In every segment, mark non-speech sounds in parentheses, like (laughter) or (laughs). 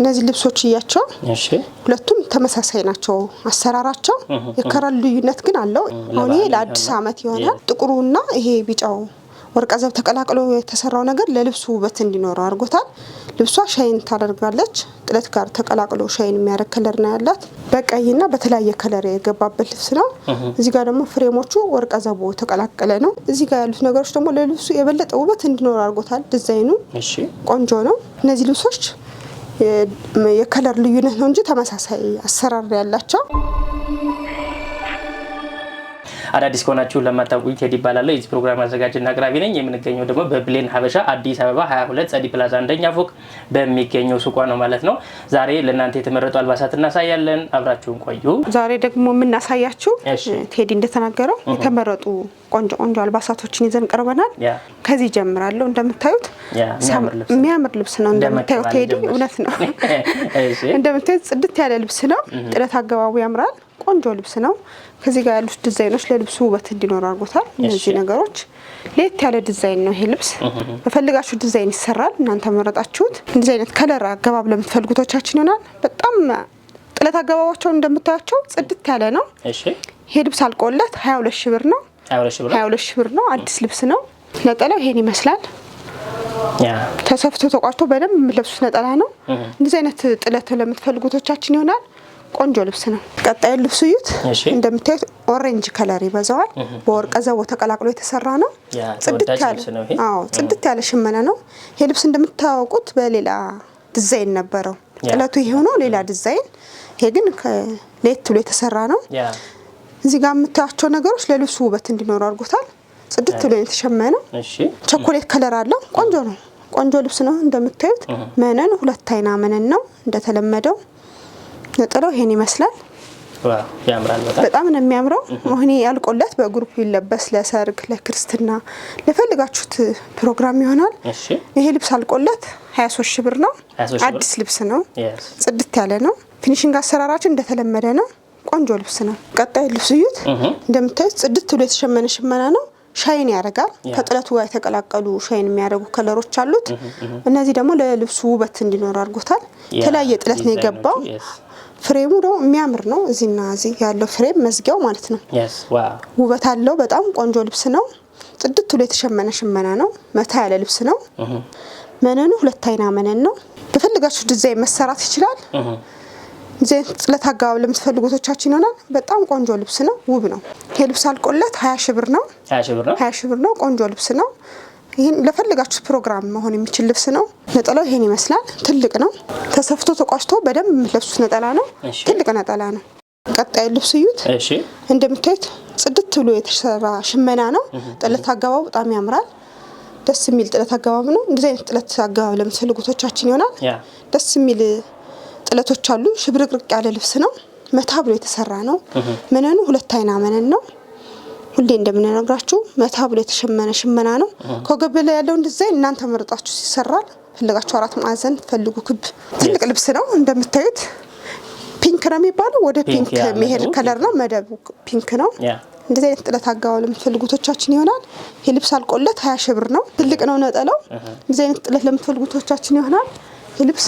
እነዚህ ልብሶች እያቸው ሁለቱም ተመሳሳይ ናቸው አሰራራቸው። የከረል ልዩነት ግን አለው። አሁን ይሄ ለአዲስ አመት ይሆናል። ጥቁሩና ይሄ ቢጫው ወርቀ ዘብ ተቀላቅሎ የተሰራው ነገር ለልብሱ ውበት እንዲኖረው አድርጎታል። ልብሷ ሻይን ታደርጋለች። ጥለት ጋር ተቀላቅሎ ሻይን የሚያደርግ ከለር ነው ያላት። በቀይና በተለያየ ከለር የገባበት ልብስ ነው። እዚህ ጋር ደግሞ ፍሬሞቹ ወርቀ ዘቦ ተቀላቀለ ነው። እዚህ ጋር ያሉት ነገሮች ደግሞ ለልብሱ የበለጠ ውበት እንዲኖረው አድርጎታል። ዲዛይኑ ቆንጆ ነው። እነዚህ ልብሶች የከለር ልዩነት ነው እንጂ ተመሳሳይ አሰራር ያላቸው አዳዲስ ከሆናችሁ ለማታውቁኝ ቴዲ እባላለሁ። የዚህ ፕሮግራም አዘጋጅና አቅራቢ ነኝ። የምንገኘው ደግሞ በብሌን ሀበሻ አዲስ አበባ 22 ጸዲ ፕላዛ አንደኛ ፎቅ በሚገኘው ሱቋ ነው ማለት ነው። ዛሬ ለእናንተ የተመረጡ አልባሳት እናሳያለን። አብራችሁን ቆዩ። ዛሬ ደግሞ የምናሳያችሁ ቴዲ እንደተናገረው የተመረጡ ቆንጆ ቆንጆ አልባሳቶችን ይዘን ቀርበናል። ከዚህ ጀምራለሁ። እንደምታዩት የሚያምር ልብስ ነው። እንደምታዩት ቴዲ እውነት ነው። (laughs) እንደምታዩት ጽድት ያለ ልብስ ነው። ጥለት አገባቡ ያምራል። ቆንጆ ልብስ ነው። ከዚህ ጋር ያሉት ዲዛይኖች ለልብሱ ውበት እንዲኖር አድርጎታል። እነዚህ ነገሮች ለየት ያለ ዲዛይን ነው ይሄ ልብስ። በፈልጋችሁ ዲዛይን ይሰራል። እናንተ መረጣችሁት። እንደዚህ አይነት ከለር አገባብ ለምትፈልጉቶቻችን ይሆናል። በጣም ጥለት አገባባቸውን እንደምታያቸው ጽድት ያለ ነው። ይሄ ልብስ አልቆለት ሀያ ሁለት ሺ ብር ነው። ሀያ ሁለት ሺ ብር ነው። አዲስ ልብስ ነው። ነጠላው ይሄን ይመስላል። ተሰፍቶ ተቋጭቶ በደንብ የምትለብሱት ነጠላ ነው። እንደዚህ አይነት ጥለት ለምትፈልጉቶቻችን ይሆናል። ቆንጆ ልብስ ነው። ቀጣዩ ልብሱ እዩት። እንደምታዩት ኦሬንጅ ከለር ይበዛዋል። በወርቀ ዘቦ ተቀላቅሎ የተሰራ ነው። ጽድት ያለ ሽመና ነው። ይሄ ልብስ እንደምታወቁት በሌላ ዲዛይን ነበረው። ጥለቱ ይሄ ሆኖ ሌላ ዲዛይን፣ ይሄ ግን ለየት ብሎ የተሰራ ነው። እዚህ ጋር የምታያቸው ነገሮች ለልብሱ ውበት እንዲኖሩ አድርጎታል። ጽድት ብሎ የተሸመነ ቸኮሌት ከለር አለው። ቆንጆ ነው። ቆንጆ ልብስ ነው። እንደምታዩት መነን ሁለት አይና መነን ነው እንደተለመደው ነጥለው ይሄን ይመስላል። ያምራል። በጣም ነው የሚያምረው። መሆኔ ያልቆለት በግሩፕ ይለበስ ለሰርግ፣ ለክርስትና ለፈልጋችሁት ፕሮግራም ይሆናል። ይሄ ልብስ አልቆለት 23 ሺህ ብር ነው። አዲስ ልብስ ነው። ጽድት ያለ ነው። ፊኒሽንግ አሰራራችን እንደተለመደ ነው። ቆንጆ ልብስ ነው። ቀጣይ ልብስ እዩት። እንደምታዩት ጽድት ብሎ የተሸመነ ሽመና ነው። ሻይን ያደርጋል። ከጥለቱ ጋር የተቀላቀሉ ሻይን የሚያደርጉ ከለሮች አሉት። እነዚህ ደግሞ ለልብሱ ውበት እንዲኖር አድርጎታል። የተለያየ ጥለት ነው የገባው። ፍሬሙ ደግሞ የሚያምር ነው። እዚህና እዚህ ያለው ፍሬም መዝጊያው ማለት ነው። ውበት አለው። በጣም ቆንጆ ልብስ ነው። ጥድት ብሎ የተሸመነ ሽመና ነው። መታ ያለ ልብስ ነው። መነኑ ሁለት አይና መነን ነው። በፈለጋችሁ ዲዛይን መሰራት ይችላል። ጥለት አጋባብ ለምትፈልጉ ቶቻችን ይሆናል። በጣም ቆንጆ ልብስ ነው። ውብ ነው። ይሄ ልብስ አልቆለት ሀያ ሺህ ብር ነው። ሀያ ሺህ ብር ነው። ቆንጆ ልብስ ነው። ይህን ለፈለጋችሁት ፕሮግራም መሆን የሚችል ልብስ ነው። ነጠላው ይሄን ይመስላል። ትልቅ ነው። ተሰፍቶ ተቋጭቶ በደንብ የምትለብሱት ነጠላ ነው። ትልቅ ነጠላ ነው። ቀጣዩ ልብስ እዩት። እንደምታዩት ጽድት ብሎ የተሰራ ሽመና ነው። ጥለት አገባቡ በጣም ያምራል። ደስ የሚል ጥለት አገባብ ነው። እንደዚህ አይነት ጥለት አገባብ ለምትፈልጉቶቻችን ይሆናል። ደስ የሚል ጥለቶች አሉ። ሽብርቅርቅ ያለ ልብስ ነው። መታ ብሎ የተሰራ ነው። መነኑ ሁለት አይና መነን ነው። ሁሌ እንደምንነግራችሁ መታ ብሎ የተሸመነ ሽመና ነው። ከገበያ ላይ ያለውን ዲዛይን እናንተ መርጣችሁ ሲሰራል ፈልጋችሁ አራት ማዕዘን ፈልጉ ክብ ትልቅ ልብስ ነው እንደምታዩት ፒንክ ነው የሚባለው። ወደ ፒንክ መሄድ ከለር ነው። መደቡ ፒንክ ነው። እንደዚህ አይነት ጥለት አጋባ ለምትፈልጉቶቻችን ይሆናል። ይህ ልብስ አልቆለት ሀያ ሺህ ብር ነው። ትልቅ ነው ነጠለው። እንደዚህ አይነት ጥለት ለምትፈልጉቶቻችን ይሆናል። ይህ ልብስ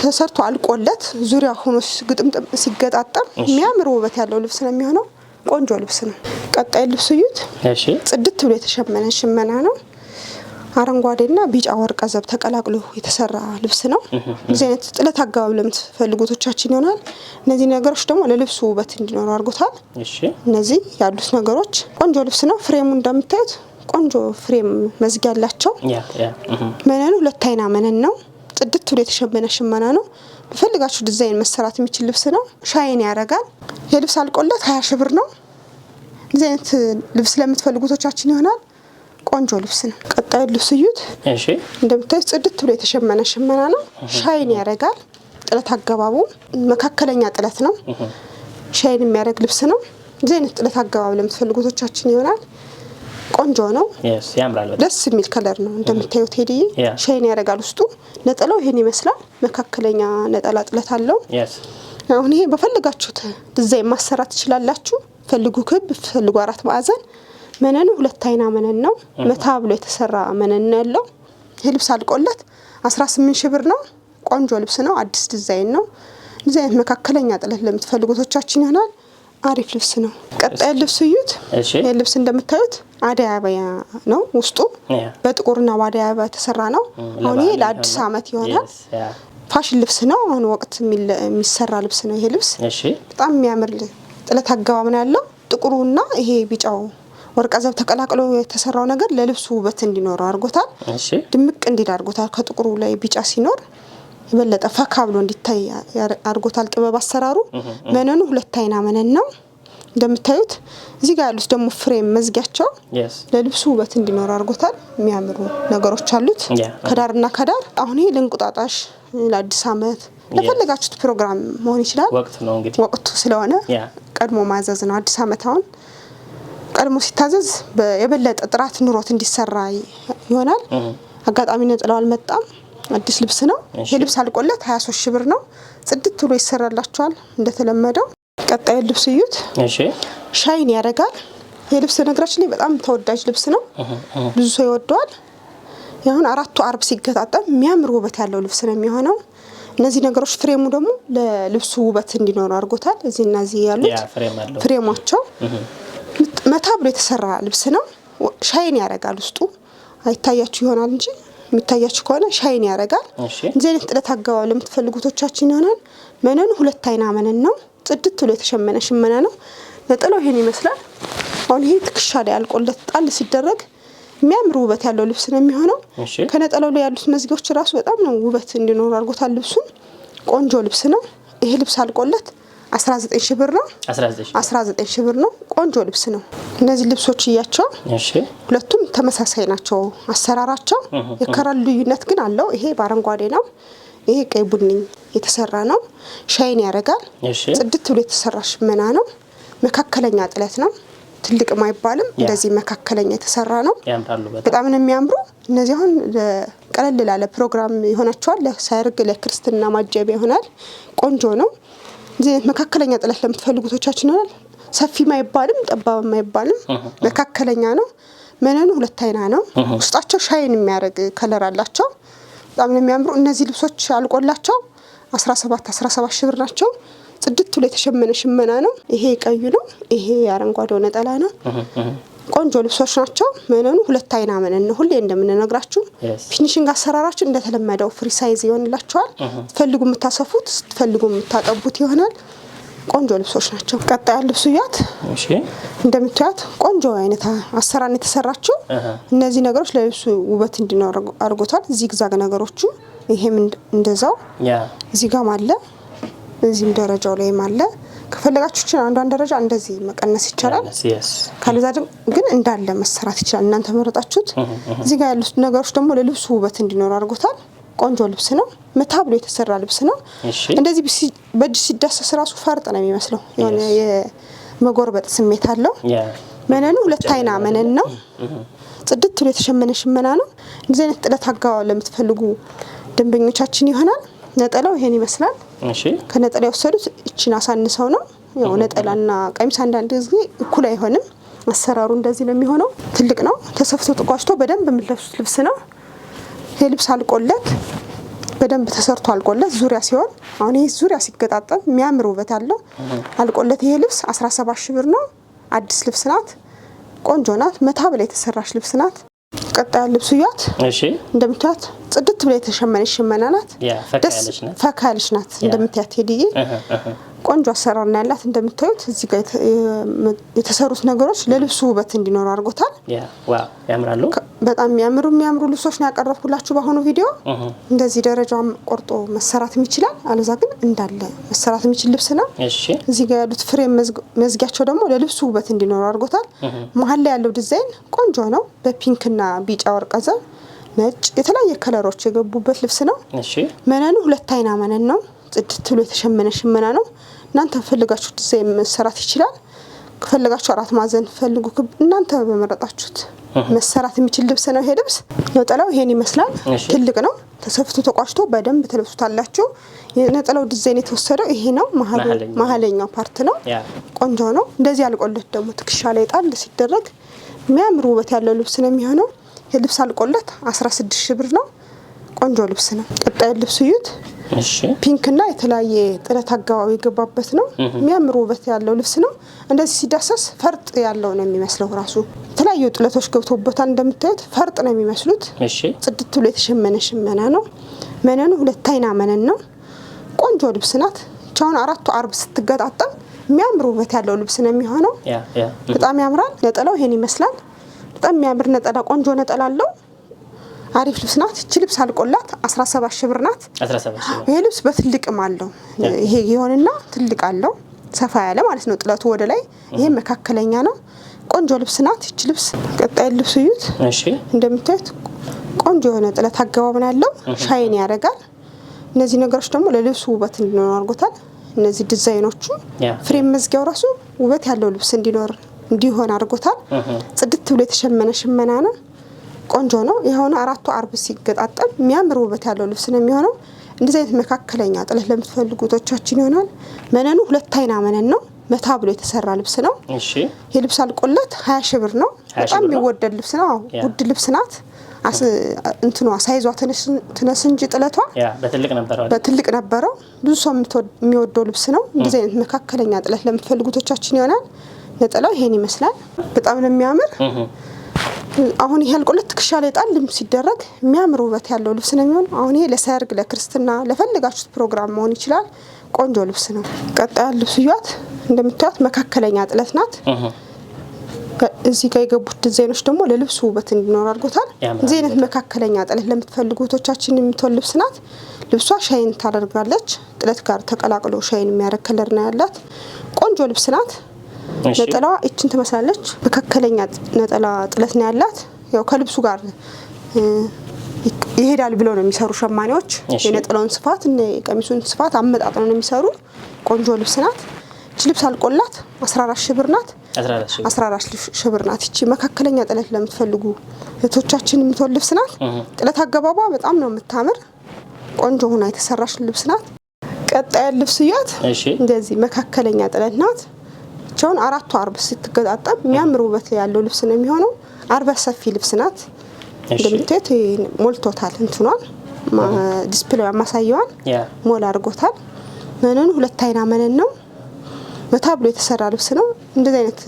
ተሰርቶ አልቆለት ዙሪያ ሆኖ ግጥምጥም ሲገጣጠም የሚያምር ውበት ያለው ልብስ ነው የሚሆነው። ቆንጆ ልብስ ነው። ቀጣይ ልብስ እዩት። ጽድት ብሎ የተሸመነ ሽመና ነው። አረንጓዴና ቢጫ ወርቀ ዘብ ተቀላቅሎ የተሰራ ልብስ ነው። እዚህ አይነት ጥለት አገባብ ለምትፈልጉ ይሆናል። እነዚህ ነገሮች ደግሞ ለልብሱ ውበት እንዲኖሩ አድርጎታል። እነዚህ ያሉት ነገሮች ቆንጆ ልብስ ነው። ፍሬሙ እንደምታዩት ቆንጆ ፍሬም መዝጊያ አላቸው። መነኑ ሁለት አይና መነን ነው። ጽድት ብሎ የተሸመነ ሽመና ነው። በፈልጋችሁ ዲዛይን መሰራት የሚችል ልብስ ነው። ሻይን ያረጋል። የልብስ አልቆለት ሀያ ሺ ብር ነው። እንደዚህ አይነት ልብስ ለምትፈልጉ ቶቻችን ይሆናል። ቆንጆ ልብስ ነው። ቀጣዩ ልብስ እዩት። እንደምታዩት ጽድት ብሎ የተሸመነ ሽመና ነው። ሻይን ያረጋል። ጥለት አገባቡ መካከለኛ ጥለት ነው። ሻይን የሚያደርግ ልብስ ነው። እንደዚህ አይነት ጥለት አገባብ ለምትፈልጉ ቶቻችን ይሆናል። ቆንጆ ነው፣ ደስ የሚል ከለር ነው። እንደምታዩት ቴዲዬ ሻይን ያደርጋል ውስጡ። ነጠላው ይሄን ይመስላል። መካከለኛ ነጠላ ጥለት አለው። አሁን ይሄ በፈለጋችሁት ዲዛይን ማሰራት ትችላላችሁ። ፈልጉ ክብ፣ ፈልጉ አራት ማዕዘን። መነኑ ሁለት አይና መነን ነው። uh-huh. መታ ብሎ የተሰራ መነን ነው ያለው። ይህ ልብስ አልቆለት 18 ሺህ ብር ነው። ቆንጆ ልብስ ነው። አዲስ ዲዛይን ነው። አይነት መካከለኛ ጥለት ለምትፈልጉቶቻችን ይሆናል። አሪፍ ልብስ ነው። ቀጣይ ልብስ እዩት። ልብስ እንደምታዩት አደይ አበባ ነው። ውስጡ በጥቁርና በአደይ አበባ የተሰራ ነው። አሁን ይሄ ለአዲስ ዓመት ይሆናል። ፋሽን ልብስ ነው። አሁን ወቅት የሚሰራ ልብስ ነው። ይሄ ልብስ በጣም የሚያምር ጥለት አገባብ ነው ያለው። ጥቁሩና ይሄ ቢጫው ዘብ ተቀላቅሎ የተሰራው ነገር ለልብሱ ውበት እንዲኖረው አድርጎታል። ድምቅ እንዲል አድርጎታል። ከጥቁሩ ላይ ቢጫ ሲኖር የበለጠ ፈካ ብሎ እንዲታይ አድርጎታል። ጥበብ አሰራሩ መነኑ ሁለት አይና መነን ነው እንደምታዩት። እዚህ ጋር ያሉት ደግሞ ፍሬም መዝጊያቸው ለልብሱ ውበት እንዲኖር አድርጎታል። የሚያምሩ ነገሮች አሉት ከዳርና ከዳር። አሁን ይሄ ለእንቁጣጣሽ፣ ለአዲስ ዓመት ለፈለጋችሁት ፕሮግራም መሆን ይችላል። ወቅቱ ስለሆነ ቀድሞ ማዘዝ ነው። አዲስ ዓመት አሁን ቀድሞ ሲታዘዝ የበለጠ ጥራት ኑሮት እንዲሰራ ይሆናል። አጋጣሚ ነጥለው አልመጣም። አዲስ ልብስ ነው ይሄ ልብስ አልቆለት 23 ሶስት ሺ ብር ነው። ጽድት ብሎ ይሰራላቸዋል እንደተለመደው። ቀጣዩ ልብስ እዩት፣ ሻይን ያደርጋል። ይሄ ልብስ ነገራችን ላይ በጣም ተወዳጅ ልብስ ነው፣ ብዙ ሰው ይወደዋል። ያሁን አራቱ አርብ ሲገጣጠም የሚያምር ውበት ያለው ልብስ ነው የሚሆነው። እነዚህ ነገሮች ፍሬሙ ደግሞ ለልብሱ ውበት እንዲኖሩ አድርጎታል። እዚህ ያሉት ፍሬማቸው መታ ብሎ የተሰራ ልብስ ነው። ሻይን ያደርጋል ውስጡ አይታያችሁ ይሆናል እንጂ የሚታያችሁ ከሆነ ሻይን ያደርጋል። እንዚህ አይነት ጥለት አገባብ ለምትፈልጉቶቻችን ይሆናል። መነኑ ሁለት አይና መነን ነው። ጽድት ብሎ የተሸመነ ሽመና ነው። ነጠላው ይሄን ይመስላል። አሁን ይሄ ትከሻ ላይ አልቆለት ጣል ሲደረግ የሚያምር ውበት ያለው ልብስ ነው የሚሆነው። ከነጠላው ላይ ያሉት መዝጊያዎች ራሱ በጣም ነው ውበት እንዲኖር አድርጎታል ልብሱን። ቆንጆ ልብስ ነው ይሄ ልብስ አልቆለት 19 ሺህ ብር ነው። 19 ሺህ ብር ነው። ቆንጆ ልብስ ነው። እነዚህ ልብሶች እያቸው ሁለቱም ተመሳሳይ ናቸው አሰራራቸው። የከረር ልዩነት ግን አለው። ይሄ በአረንጓዴ ነው። ይሄ ቀይ ቡኒ የተሰራ ነው። ሻይን ያደርጋል። ጽድት ብሎ የተሰራ ሽመና ነው። መካከለኛ ጥለት ነው። ትልቅም አይባልም። እንደዚህ መካከለኛ የተሰራ ነው። በጣም ነው የሚያምሩ እነዚህ። አሁን ቀለል ላለ ፕሮግራም ይሆናቸዋል። ለሰርግ፣ ለክርስትና ማጀቢያ ይሆናል። ቆንጆ ነው። መካከለኛ ጥለት ለምትፈልጉቶቻችን ይሆናል። ሰፊ አይባልም ጠባብ አይባልም መካከለኛ ነው። መነኑ ሁለት አይና ነው። ውስጣቸው ሻይን የሚያደርግ ከለር አላቸው። በጣም ነው የሚያምሩ እነዚህ ልብሶች አልቆላቸው 17 17 ሺህ ብር ናቸው። ጽድት ብሎ የተሸመነ ሽመና ነው። ይሄ ቀዩ ነው። ይሄ አረንጓዴው ነጠላ ነው። ቆንጆ ልብሶች ናቸው። መነኑ ሁለት አይና መነን ነው። ሁሌ እንደምንነግራችሁ ፊኒሽንግ አሰራራችሁ እንደተለመደው ፍሪ ሳይዝ ይሆንላችኋል። uh-huh. ስትፈልጉ የምታሰፉት፣ ፈልጉ የምታጠቡት ይሆናል። ቆንጆ ልብሶች ናቸው። ቀጣዩ ልብሱ እያት እንደምታዩት ቆንጆ አይነት አሰራን የተሰራችው። uh-huh. እነዚህ ነገሮች ለልብሱ ውበት እንዲኖር አድርጎታል። ዚግዛግ ነገሮቹ ይሄም እንደዛው እዚህ ጋም አለ፣ እዚህም ደረጃው ላይም አለ። ከፈለጋችሁ ይችላል። አንዷን ደረጃ እንደዚህ መቀነስ ይቻላል። ከዛ ግን እንዳለ መሰራት ይችላል። እናንተ መረጣችሁት። እዚህ ጋር ያሉት ነገሮች ደግሞ ለልብሱ ውበት እንዲኖር አድርጎታል። ቆንጆ ልብስ ነው። መታ ብሎ የተሰራ ልብስ ነው። እንደዚህ በእጅ ሲዳሰስ ራሱ ፈርጥ ነው የሚመስለው። የሆነ የመጎርበጥ ስሜት አለው። መነኑ ሁለት አይና መነን ነው። ጽድት ብሎ የተሸመነ ሽመና ነው። እንደዚህ አይነት ጥለት አጋባ ለምትፈልጉ ደንበኞቻችን ይሆናል። ነጠላው ይሄን ይመስላል። ከነጠላ የወሰዱት እችን አሳንሰው ነው ያው ነጠላና ቀሚስ አንዳንድ ጊዜ እኩል አይሆንም። አሰራሩ እንደዚህ ነው የሚሆነው። ትልቅ ነው ተሰፍቶ ተቋጭቶ በደንብ የምትለብሱት ልብስ ነው። ይህ ልብስ አልቆለት በደንብ ተሰርቶ አልቆለት ዙሪያ ሲሆን አሁን ይህ ዙሪያ ሲገጣጠም የሚያምር ውበት አለው። አልቆለት ይሄ ልብስ 17 ሺ ብር ነው። አዲስ ልብስ ናት። ቆንጆ ናት። መታ ብላ የተሰራች ልብስ ናት። ቀጣያ ልብሱ ያት እንደምታያት ጽድት ብላ የተሸመነች ሽመና ናት። ፈካ ያለች ናት። እንደምታያት ሄድዬ ቆንጆ አሰራር ና ያላት። እንደምታዩት እዚህ ጋር የተሰሩት ነገሮች ለልብሱ ውበት እንዲኖሩ አድርጎታል። ያምራሉ። በጣም የሚያምሩ የሚያምሩ ልብሶች ነው ያቀረብኩላችሁ በአሁኑ ቪዲዮ። እንደዚህ ደረጃም ቆርጦ መሰራትም ይችላል። አለዛ ግን እንዳለ መሰራት የሚችል ልብስ ነው። እዚህ ጋር ያሉት ፍሬም መዝጊያቸው ደግሞ ለልብሱ ውበት እንዲኖሩ አድርጎታል። መሀል ላይ ያለው ዲዛይን ቆንጆ ነው። በፒንክና ቢጫ ወርቀዘ ነጭ የተለያየ ከለሮች የገቡበት ልብስ ነው። መነኑ ሁለት አይና መነን ነው። ጽድት ብሎ የተሸመነ ሽመና ነው። እናንተ ፈልጋችሁ ዲዛይን መሰራት ይችላል። ከፈለጋችሁ አራት ማዕዘን ፈልጉ፣ ክብ እናንተ በመረጣችሁት መሰራት የሚችል ልብስ ነው። ይሄ ልብስ ነጠላው ይሄን ይመስላል። ትልቅ ነው። ተሰፍቶ ተቋጭቶ በደንብ ትለብሱታላችሁ። የነጠላው ዲዛይን የተወሰደው ይሄ ነው። መሀለኛው ፓርት ነው። ቆንጆ ነው። እንደዚህ አልቆለት ደግሞ ትከሻ ላይ ጣል ሲደረግ የሚያምር ውበት ያለው ልብስ ነው የሚሆነው። ልብስ አልቆለት 16 ሺ ብር ነው። ቆንጆ ልብስ ነው። ቀጣዩ ልብስ እዩት። ፒንክ እና የተለያየ ጥለት አገባብ የገባበት ነው። የሚያምር ውበት ያለው ልብስ ነው። እንደዚህ ሲዳሰስ ፈርጥ ያለው ነው የሚመስለው። ራሱ የተለያዩ ጥለቶች ገብቶበታል። እንደምታዩት ፈርጥ ነው የሚመስሉት። ጽድት ብሎ የተሸመነ ሽመና ነው። መነኑ ሁለት አይና መነን ነው። ቆንጆ ልብስ ናት። ብቻውን አራቱ አርብ ስትገጣጠም የሚያምር ውበት ያለው ልብስ ነው የሚሆነው። በጣም ያምራል። ነጠላው ይሄን ይመስላል። በጣም የሚያምር ነጠላ፣ ቆንጆ ነጠላ አለው። አሪፍ ልብስ ናት። እቺ ልብስ አልቆላት 17 ሺህ ብር ናት። ይሄ ልብስ በትልቅም አለው። ይሄ ይሆንና ትልቅ አለው ሰፋ ያለ ማለት ነው። ጥለቱ ወደ ላይ ይሄ መካከለኛ ነው። ቆንጆ ልብስ ናት። ይቺ ልብስ ቀጣይ ልብስ እዩት። እንደምታዩት ቆንጆ የሆነ ጥለት አገባብን ያለው ሻይን ያደርጋል። እነዚህ ነገሮች ደግሞ ለልብሱ ውበት እንዲኖር አድርጎታል። እነዚህ ዲዛይኖቹ ፍሬም መዝጊያው ራሱ ውበት ያለው ልብስ እንዲኖር እንዲሆን አድርጎታል። ጽድት ብሎ የተሸመነ ሽመና ነው። ቆንጆ ነው የሆነ አራቱ አርብ ሲገጣጠም የሚያምር ውበት ያለው ልብስ ነው የሚሆነው። እንደዚህ አይነት መካከለኛ ጥለት ለምትፈልጉ ይሆናል። መነኑ ሁለት አይና መነን ነው። መታ ብሎ የተሰራ ልብስ ነው። ይህ ልብስ አልቆለት ሀያ ሺ ብር ነው። በጣም የሚወደድ ልብስ ነው። ውድ ልብስ ናት። እንትኗ ሳይዟ ትነስ እንጂ ጥለቷ በትልቅ ነበረው። ብዙ ሰው የሚወደው ልብስ ነው። እንደዚህ አይነት መካከለኛ ጥለት ለምትፈልጉ ቶቻችን ይሆናል። ነጠላው ይሄን ይመስላል። በጣም ነው የሚያምር አሁን ይሄ አልቆለት ትከሻ ላይ ጣልም ሲደረግ የሚያምር ውበት ያለው ልብስ ነው የሚሆን። አሁን ይሄ ለሰርግ፣ ለክርስትና፣ ለፈለጋችሁት ፕሮግራም መሆን ይችላል። ቆንጆ ልብስ ነው። ቀጣ ልብስ እዩት። እንደምታዩት መካከለኛ ጥለት ናት። እዚህ ጋር የገቡት ዲዛይኖች ደግሞ ለልብሱ ውበት እንዲኖር አድርጎታል። እዚህ አይነት መካከለኛ ጥለት ለምትፈልጉ እህቶቻችን የምትሆን ልብስ ናት። ልብሷ ሻይን ታደርጋለች። ጥለት ጋር ተቀላቅሎ ሻይን የሚያደርግ ከለር ነው ያላት። ቆንጆ ልብስ ናት። ነጠላዋ እችን ትመስላለች። መካከለኛ ነጠላ ጥለት ነው ያላት። ያው ከልብሱ ጋር ይሄዳል ብለው ነው የሚሰሩ ሸማኔዎች። የነጠላውን ስፋት እና የቀሚሱን ስፋት አመጣጥ ነው የሚሰሩ። ቆንጆ ልብስ ናት። እች ልብስ አልቆላት 14 ሺህ ብር ናት። 14 ሺህ ብር ናት። ይቺ መካከለኛ ጥለት ለምትፈልጉ እህቶቻችን የምትሆን ልብስ ናት። ጥለት አገባቧ በጣም ነው የምታምር። ቆንጆ ሁና የተሰራች ልብስ ናት። ቀጣይ ልብስ እያት። እንደዚህ መካከለኛ ጥለት ናት። ብቻውን አራቱ አርብ ስትገጣጠም የሚያምር ውበት ያለው ልብስ ነው የሚሆነው። አርባ ሰፊ ልብስ ናት እንደምታዩት ሞልቶታል። እንትኗል ዲስፕሌዋ ማሳየዋል ሞል አድርጎታል። መነኑ ሁለት አይና መነን ነው። መታ ብሎ የተሰራ ልብስ ነው። እንደዚህ አይነት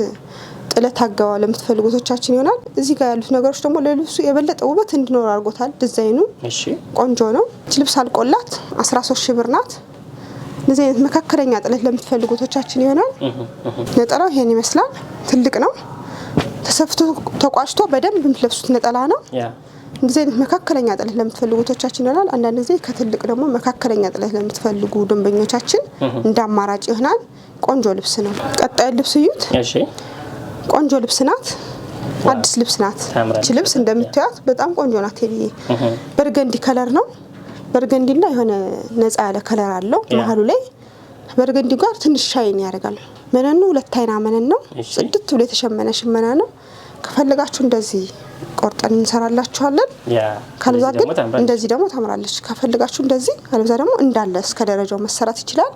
ጥለት አገባ ለምትፈልጉቶቻችን ይሆናል። እዚህ ጋር ያሉት ነገሮች ደግሞ ለልብሱ የበለጠ ውበት እንዲኖር አድርጎታል። ዲዛይኑ ቆንጆ ነው። ልብስ አልቆላት 13 ሺ ብር ናት። እንደዚህ አይነት መካከለኛ ጥለት ለምትፈልጉ ቶቻችን ይሆናል። ነጠላው ይሄን ይመስላል። ትልቅ ነው። ተሰፍቶ ተቋጭቶ በደንብ የምትለብሱት ነጠላ ነው። እንደዚህ አይነት መካከለኛ ጥለት ለምትፈልጉ ቶቻችን ይሆናል። አንዳንድ ጊዜ ከትልቅ ደግሞ መካከለኛ ጥለት ለምትፈልጉ ደንበኞቻችን እንደ አማራጭ ይሆናል። ቆንጆ ልብስ ነው። ቀጣዩ ልብስ እዩት። ቆንጆ ልብስ ናት። አዲስ ልብስ ናት። እቺ ልብስ እንደምታዩት በጣም ቆንጆ ናት። በርገንዲ ከለር ነው በርገንዲና የሆነ ነጻ ያለ ከለር አለው መሀሉ ላይ በርገንዲ ጋር ትንሽ ሻይን ያደርጋል። መነኑ ሁለት አይና መነን ነው። ጽድት ብሎ የተሸመነ ሽመና ነው። ከፈለጋችሁ እንደዚህ ቆርጠን እንሰራላችኋለን። ካልዛ ግን እንደዚህ ደግሞ ታምራለች። ከፈለጋችሁ እንደዚህ አለብዛ ደግሞ እንዳለ እስከ ደረጃው መሰራት ይችላል።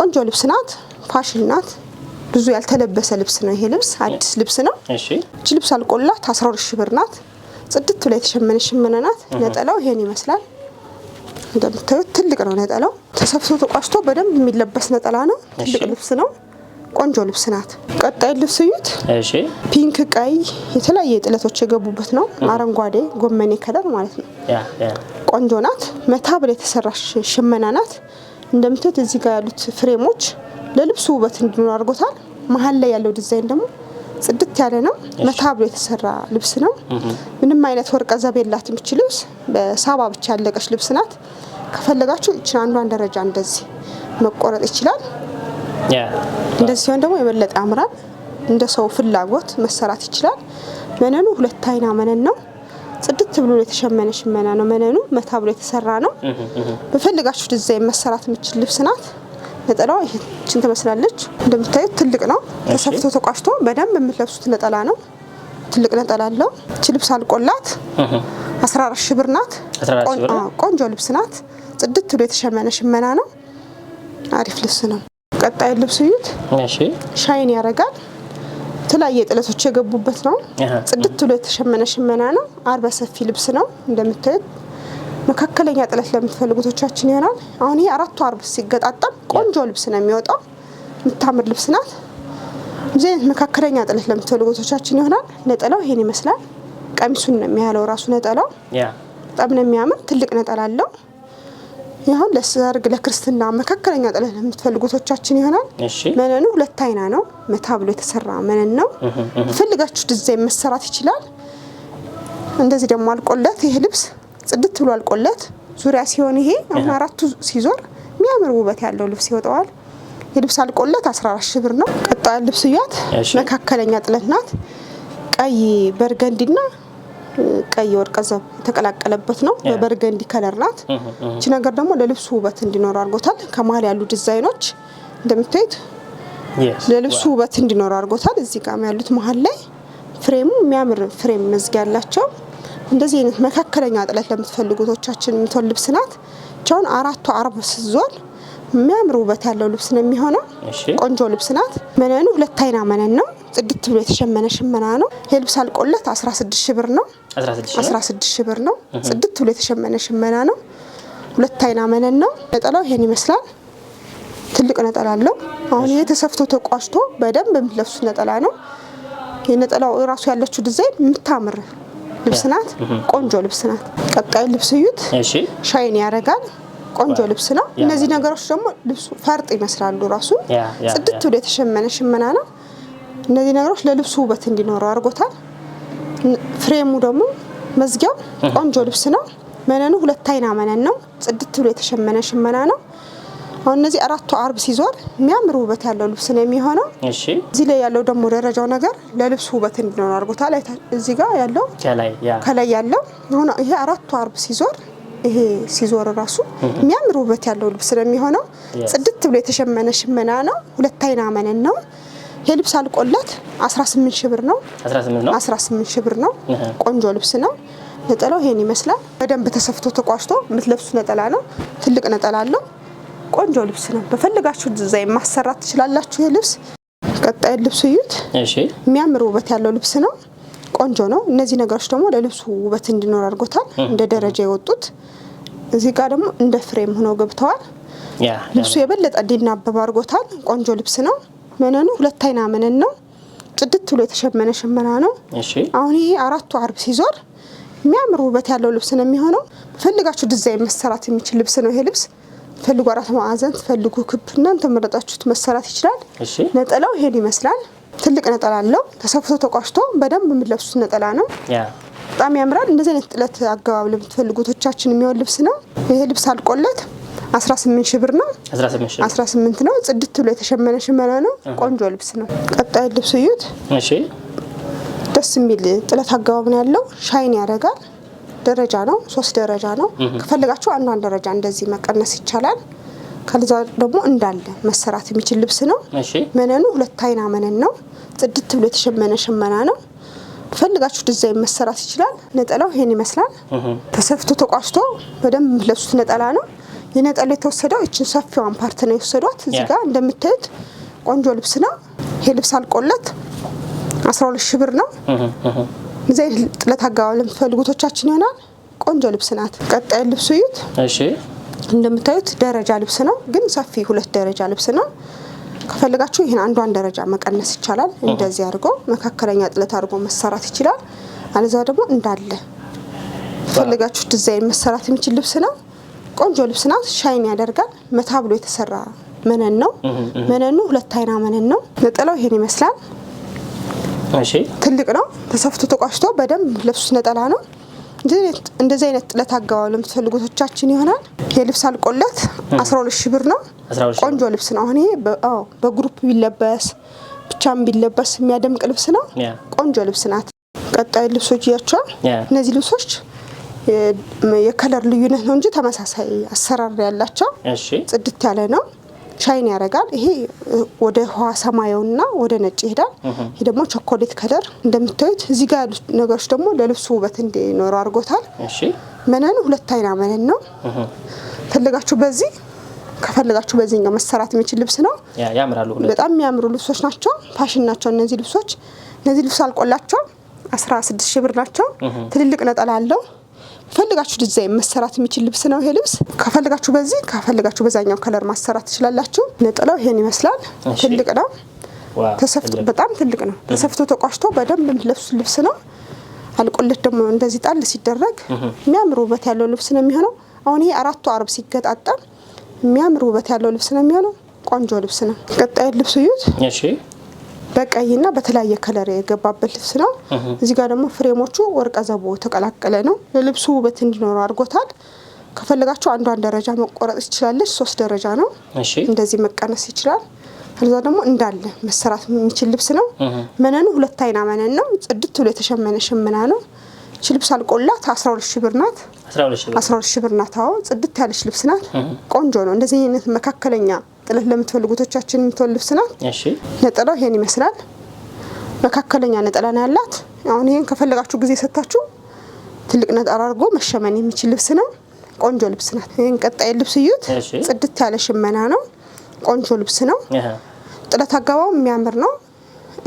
ቆንጆ ልብስ ናት፣ ፋሽን ናት። ብዙ ያልተለበሰ ልብስ ነው ይሄ ልብስ፣ አዲስ ልብስ ነው። እች ልብስ አልቆላት አስራ ሁለት ሺ ብር ናት። ጽድት ብላ የተሸመነ ሽመና ናት። ነጠላው ይሄን ይመስላል። እንደምታዩት ትልቅ ነው ነጠላው። ተሰብስቦ ተቋጭቶ በደንብ የሚለበስ ነጠላ ነው። ትልቅ ልብስ ነው። ቆንጆ ልብስ ናት። ቀጣይ ልብስ እዩት። ፒንክ፣ ቀይ የተለያየ ጥለቶች የገቡበት ነው። አረንጓዴ ጎመኔ ከለር ማለት ነው። ቆንጆ ናት። መታ ብላ የተሰራች ሽመና ናት። እንደምታዩት እዚህ ጋር ያሉት ፍሬሞች ለልብሱ ውበት እንዲኖር አድርጎታል። መሀል ላይ ያለው ዲዛይን ደግሞ ጽድት ያለ ነው። መታብሎ የተሰራ ልብስ ነው። ምንም አይነት ወርቀ ዘብ የላት እች ልብስ በሳባ ብቻ ያለቀች ልብስ ናት። ከፈለጋችሁ እችን አንዷን ደረጃ እንደዚህ መቆረጥ ይችላል። እንደዚህ ሲሆን ደግሞ የበለጠ ያምራል። እንደ ሰው ፍላጎት መሰራት ይችላል። መነኑ ሁለት አይና መነን ነው። ጽድት ብሎ የተሸመነ ሽመና ነው መነኑ። መታ ብሎ የተሰራ ነው። በፈልጋችሁ ዲዛይን መሰራት የምችል ልብስ ናት። ነጠላዋ ይህችን ትመስላለች። እንደምታዩት ትልቅ ነው። ተሰፍቶ ተቋሽቶ በደንብ የምትለብሱት ነጠላ ነው። ትልቅ ነጠላ አለው። እቺ ልብስ አልቆላት 14 ሽብር ብር ናት። ቆንጆ ልብስ ናት። ጽድት ብሎ የተሸመነ ሽመና ነው። አሪፍ ልብስ ነው። ቀጣዩ ልብስ እዩት። ሻይን ያደርጋል። የተለያየ ጥለቶች የገቡበት ነው። ጽድት ብሎ የተሸመነ ሽመና ነው። አርበ ሰፊ ልብስ ነው እንደምታዩት መካከለኛ ጥለት ለምትፈልጉቶቻችን ይሆናል። አሁን ይሄ አራቱ አርብ ሲገጣጠም ቆንጆ ልብስ ነው የሚወጣው። የምታምር ልብስ ናት። እዚህ አይነት መካከለኛ ጥለት ለምትፈልጉቶቻችን ይሆናል። ነጠላው ይሄን ይመስላል። ቀሚሱን ነው የሚያለው ራሱ ነጠላው በጣም ነው የሚያምር። ትልቅ ነጠላ አለው። ይሁን ለሰርግ ለክርስትና መካከለኛ ጥለት ለምትፈልጉቶቻችን ይሆናል። መነኑ ሁለት አይና ነው፣ መታ ብሎ የተሰራ መነን ነው። ፈልጋችሁ ዲዛይን መሰራት ይችላል። እንደዚህ ደግሞ አልቆለት ይህ ልብስ ጽድት ብሎ አልቆለት ዙሪያ ሲሆን ይሄ አሁን አራቱ ሲዞር የሚያምር ውበት ያለው ልብስ ይወጣዋል። የልብስ አልቆለት 14 ሺህ ብር ነው። ቀጣ ልብስ እያት፣ መካከለኛ ጥለት ናት። ቀይ በርገንዲና ቀይ ወርቀ ዘብ የተቀላቀለበት ነው። በበርገንዲ ከለር ናት። እቺ ነገር ደግሞ ለልብሱ ውበት እንዲኖረው አድርጎታል። ከመሀል ያሉ ዲዛይኖች እንደምታዩት ለልብሱ ውበት እንዲኖረው አድርጎታል። እዚህ ጋር ያሉት መሀል ላይ ፍሬሙ የሚያምር ፍሬም መዝጊያ ያላቸው እንደዚህ አይነት መካከለኛ ጥለት ለምትፈልጉ የምትሆን ልብስ ናት። ቻውን አራቱ አርብ ስዞል የሚያምር ውበት ያለው ልብስ ነው የሚሆነው። ቆንጆ ልብስ ናት። መነኑ ሁለት አይና መነን ነው። ጽድት ብሎ የተሸመነ ሽመና ነው። የልብስ አልቆለት 16 ሺህ ብር ነው። 16 ብር ነው። ጽድት ብሎ የተሸመነ ሽመና ነው። ሁለት አይና መነን ነው። ነጠላው ይሄን ይመስላል። ትልቅ ነጠላ አለው። አሁን ይሄ ተሰፍቶ ተቋጭቶ በደንብ የምትለብሱት ነጠላ ነው። የነጠላው ራሱ ያለችው ዲዛይን የምታምር ልብስ ናት። ቆንጆ ልብስ ናት። ቀጣዩ ልብስ እዩት። ሻይን ያደርጋል። ቆንጆ ልብስ ነው። እነዚህ ነገሮች ደግሞ ልብሱ ፈርጥ ይመስላሉ። ራሱ ጽድት ብሎ የተሸመነ ሽመና ነው። እነዚህ ነገሮች ለልብሱ ውበት እንዲኖረው አድርጎታል። ፍሬሙ ደግሞ መዝጊያው ቆንጆ ልብስ ነው። መነኑ ሁለት አይና መነን ነው። ጽድት ብሎ የተሸመነ ሽመና ነው። አሁን እነዚህ አራቱ አርብ ሲዞር የሚያምር ውበት ያለው ልብስ ነው የሚሆነው። እዚህ ላይ ያለው ደግሞ ደረጃው ነገር ለልብሱ ውበት እንዲሆን አድርጎታል። እዚህ ጋር ያለው ከላይ ያለው ይሄ አራቱ አርብ ሲዞር ይሄ ሲዞር ራሱ የሚያምር ውበት ያለው ልብስ ነው የሚሆነው። ጽድት ብሎ የተሸመነ ሽመና ነው። ሁለት አይና መነን ነው። ይሄ ልብስ አልቆለት 18 ሺህ ብር ነው። 18 ሺህ ብር ነው። ቆንጆ ልብስ ነው። ነጠላው ይሄን ይመስላል። በደንብ ተሰፍቶ ተቋሽቶ የምትለብሱ ነጠላ ነው። ትልቅ ነጠላ አለው። ቆንጆ ልብስ ነው። በፈልጋችሁ ዲዛይን ማሰራት ትችላላችሁ። ይህ ልብስ ቀጣይ ልብስ እዩት። የሚያምር ውበት ያለው ልብስ ነው። ቆንጆ ነው። እነዚህ ነገሮች ደግሞ ለልብሱ ውበት እንዲኖር አድርጎታል። እንደ ደረጃ የወጡት እዚህ ጋር ደግሞ እንደ ፍሬም ሆነው ገብተዋል። ልብሱ የበለጠ እንዲናበብ አድርጎታል። ቆንጆ ልብስ ነው። መነኑ ሁለት አይና መነን ነው። ጽድት ብሎ የተሸመነ ሽመና ነው። አሁን ይሄ አራቱ አርብ ሲዞር የሚያምር ውበት ያለው ልብስ ነው የሚሆነው። በፈልጋችሁ ዲዛይን መሰራት የሚችል ልብስ ነው ይሄ ልብስ። ፈልጉ አራት ማዕዘን ትፈልጉ ክብ እና ተመረጣችሁት መሰራት ይችላል። ነጠላው ይሄን ይመስላል። ትልቅ ነጠላ አለው ተሰፍቶ ተቋሽቶ በደንብ የምትለብሱት ነጠላ ነው። በጣም ያምራል። እንደዚህ አይነት ጥለት አገባብ ለምትፈልጉ ቶቻችን የሚሆን ልብስ ነው። ይሄ ልብስ አልቆለት 18 ሺህ ብር ነው። 18 ነው። ጽድት ብሎ የተሸመነ ሽመና ነው። ቆንጆ ልብስ ነው። ቀጣይ ልብስ እዩት። ደስ የሚል ጥለት አገባብ ነው ያለው። ሻይን ያደርጋል። ደረጃ ነው። ሶስት ደረጃ ነው። ከፈለጋችሁ አንዷን ደረጃ እንደዚህ መቀነስ ይቻላል። ከዛ ደግሞ እንዳለ መሰራት የሚችል ልብስ ነው። መነኑ ሁለት አይና መነን ነው። ጽድት ብሎ የተሸመነ ሽመና ነው። ፈልጋችሁ ዲዛይን መሰራት ይችላል። ነጠላው ይሄን ይመስላል። ተሰፍቶ ተቋስቶ በደንብ የምትለብሱት ነጠላ ነው። የነጠላው የተወሰደው እችን ሰፊዋን ፓርት ነው የወሰዷት። እዚህ ጋር እንደምታዩት ቆንጆ ልብስ ነው። ይሄ ልብስ አልቆለት አስራ ሁለት ብር ነው። እዚ አይነት ጥለት አገባብ ለምትፈልጉ ይሆናል። ቆንጆ ልብስ ናት። ቀጣዩ ልብሱ እዩት። እሺ እንደምታዩት ደረጃ ልብስ ነው፣ ግን ሰፊ ሁለት ደረጃ ልብስ ነው። ከፈለጋችሁ ይህን አንዷን ደረጃ መቀነስ ይቻላል። እንደዚህ አድርጎ መካከለኛ ጥለት አድርጎ መሰራት ይችላል። አለዛ ደግሞ እንዳለ ከፈለጋችሁ ዲዛይን መሰራት የሚችል ልብስ ነው። ቆንጆ ልብስ ናት። ሻይን ያደርጋል። መታ ብሎ የተሰራ መነን ነው። መነኑ ሁለት አይና መነን ነው። ነጠላው ይሄን ይመስላል። ትልቅ ነው። ተሰፍቶ ተቋሽቶ በደንብ ልብሱ ነጠላ ነው። እንደዚህ አይነት ጥለት አገባብ ለምትፈልጉቶቻችን ይሆናል። የልብስ አልቆለት 12 ሺ ብር ነው። ቆንጆ ልብስ ነው። አሁን ይሄ በግሩፕ ቢለበስ ብቻም ቢለበስ የሚያደምቅ ልብስ ነው። ቆንጆ ልብስ ናት። ቀጣይ ልብሶች እያቸዋል። እነዚህ ልብሶች የከለር ልዩነት ነው እንጂ ተመሳሳይ አሰራር ያላቸው ጽድት ያለ ነው። ሻይን ያደርጋል። ይሄ ወደ ውሃ ሰማያዊና ወደ ነጭ ይሄዳል። ይሄ ደግሞ ቸኮሌት ከለር እንደምታዩት። እዚህ ጋር ያሉት ነገሮች ደግሞ ለልብሱ ውበት እንዲኖረው አድርጎታል። መነን ሁለት አይና መነን ነው። ፈልጋችሁ በዚህ ከፈለጋችሁ በዚህኛው መሰራት የሚችል ልብስ ነው። በጣም የሚያምሩ ልብሶች ናቸው። ፋሽን ናቸው እነዚህ ልብሶች። እነዚህ ልብስ አልቆላቸው አስራ ስድስት ሺህ ብር ናቸው። ትልልቅ ነጠላ አለው። ፈልጋችሁ ዲዛይን መሰራት የሚችል ልብስ ነው ይሄ ልብስ። ከፈልጋችሁ በዚህ ከፈልጋችሁ በዛኛው ከለር ማሰራት ትችላላችሁ። ነጥለው ይሄን ይመስላል። ትልቅ ነው፣ በጣም ትልቅ ነው። ተሰፍቶ ተቋሽቶ በደንብ የምትለብሱ ልብስ ነው። አልቆለት ደግሞ እንደዚህ ጣል ሲደረግ የሚያምር ውበት ያለው ልብስ ነው የሚሆነው። አሁን ይሄ አራቱ አርብ ሲገጣጠም የሚያምር ውበት ያለው ልብስ ነው የሚሆነው። ቆንጆ ልብስ ነው። ቀጣዩ ልብስ እዩት። በቀይና በተለያየ ከለር የገባበት ልብስ ነው። እዚህ ጋር ደግሞ ፍሬሞቹ ወርቀ ዘቦ ተቀላቀለ ነው። ለልብሱ ውበት እንዲኖረው አድርጎታል። ከፈለጋችሁ አንዷን ደረጃ መቆረጥ ትችላለች። ሶስት ደረጃ ነው። እንደዚህ መቀነስ ይችላል። ከዛ ደግሞ እንዳለ መሰራት የሚችል ልብስ ነው። መነኑ ሁለት አይና መነን ነው። ጽድት ብሎ የተሸመነ ሽመና ነው። ይች ልብስ አልቆላት አስራ ሁለት ሺህ ብር ናት። አስራ ሁለት ሺህ ብር ናት። አዎ ጽድት ያለች ልብስ ናት። ቆንጆ ነው። እንደዚህ አይነት መካከለኛ ጥለት ለምትፈልጉቶቻችን የምትሆን ልብስ ናት። ነጠላው ይሄን ይመስላል። መካከለኛ ነጠላ ነው ያላት። አሁን ይሄን ከፈለጋችሁ ጊዜ ሰጣችሁ ትልቅ ነጠላ አድርጎ መሸመን የሚችል ልብስ ነው። ቆንጆ ልብስ ናት። ይህን ቀጣይ ልብስ እዩት። ጽድት ያለ ሽመና ነው። ቆንጆ ልብስ ነው። ጥለት አገባው የሚያምር ነው።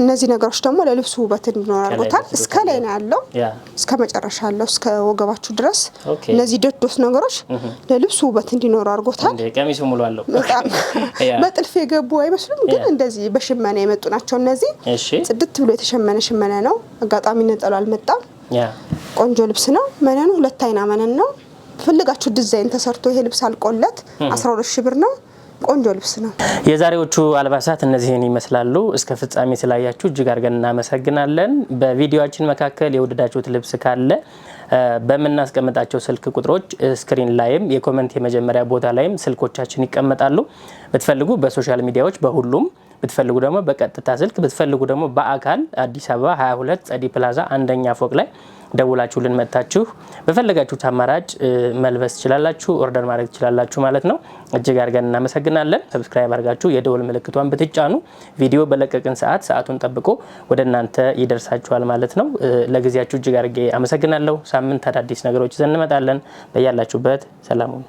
እነዚህ ነገሮች ደግሞ ለልብሱ ውበት እንዲኖር አድርጎታል። እስከ ላይ ነው ያለው፣ እስከ መጨረሻ ያለው እስከ ወገባችሁ ድረስ እነዚህ ደዶስ ነገሮች ለልብሱ ውበት እንዲኖሩ አድርጎታል። ቀሚሱ ሙሉ አለው። በጣም በጥልፍ (laughs) (laughs) የገቡ አይመስሉም፣ ግን እንደዚህ በሽመና የመጡ ናቸው። እነዚህ ጽድት ብሎ የተሸመነ ሽመና ነው። አጋጣሚ ነጠሉ አልመጣም። ቆንጆ ልብስ ነው። መነኑ ሁለት አይና መነን ነው። ፈልጋችሁ ዲዛይን ተሰርቶ ይሄ ልብስ አልቆለት አስራ ሁለት ሺ ብር ነው። ቆንጆ ልብስ ነው። የዛሬዎቹ አልባሳት እነዚህን ይመስላሉ። እስከ ፍጻሜ ስላያችሁ እጅግ አድርገን እናመሰግናለን። በቪዲዮችን መካከል የወደዳችሁት ልብስ ካለ በምናስቀምጣቸው ስልክ ቁጥሮች ስክሪን ላይም የኮመንት የመጀመሪያ ቦታ ላይም ስልኮቻችን ይቀመጣሉ። ብትፈልጉ በሶሻል ሚዲያዎች በሁሉም ብትፈልጉ ደግሞ በቀጥታ ስልክ ብትፈልጉ ደግሞ በአካል አዲስ አበባ 22 ጸዲ ፕላዛ አንደኛ ፎቅ ላይ ደውላችሁ ልንመታችሁ በፈለጋችሁት አማራጭ መልበስ ትችላላችሁ፣ ኦርደር ማድረግ ትችላላችሁ ማለት ነው። እጅግ አድርገን እናመሰግናለን። ሰብስክራይብ አድርጋችሁ የደወል ምልክቷን ብትጫኑ ቪዲዮ በለቀቅን ሰዓት ሰዓቱን ጠብቆ ወደ እናንተ ይደርሳችኋል ማለት ነው። ለጊዜያችሁ እጅግ አድርጌ አመሰግናለሁ። ሳምንት አዳዲስ ነገሮች ይዘን እንመጣለን። በያላችሁበት ሰላሙን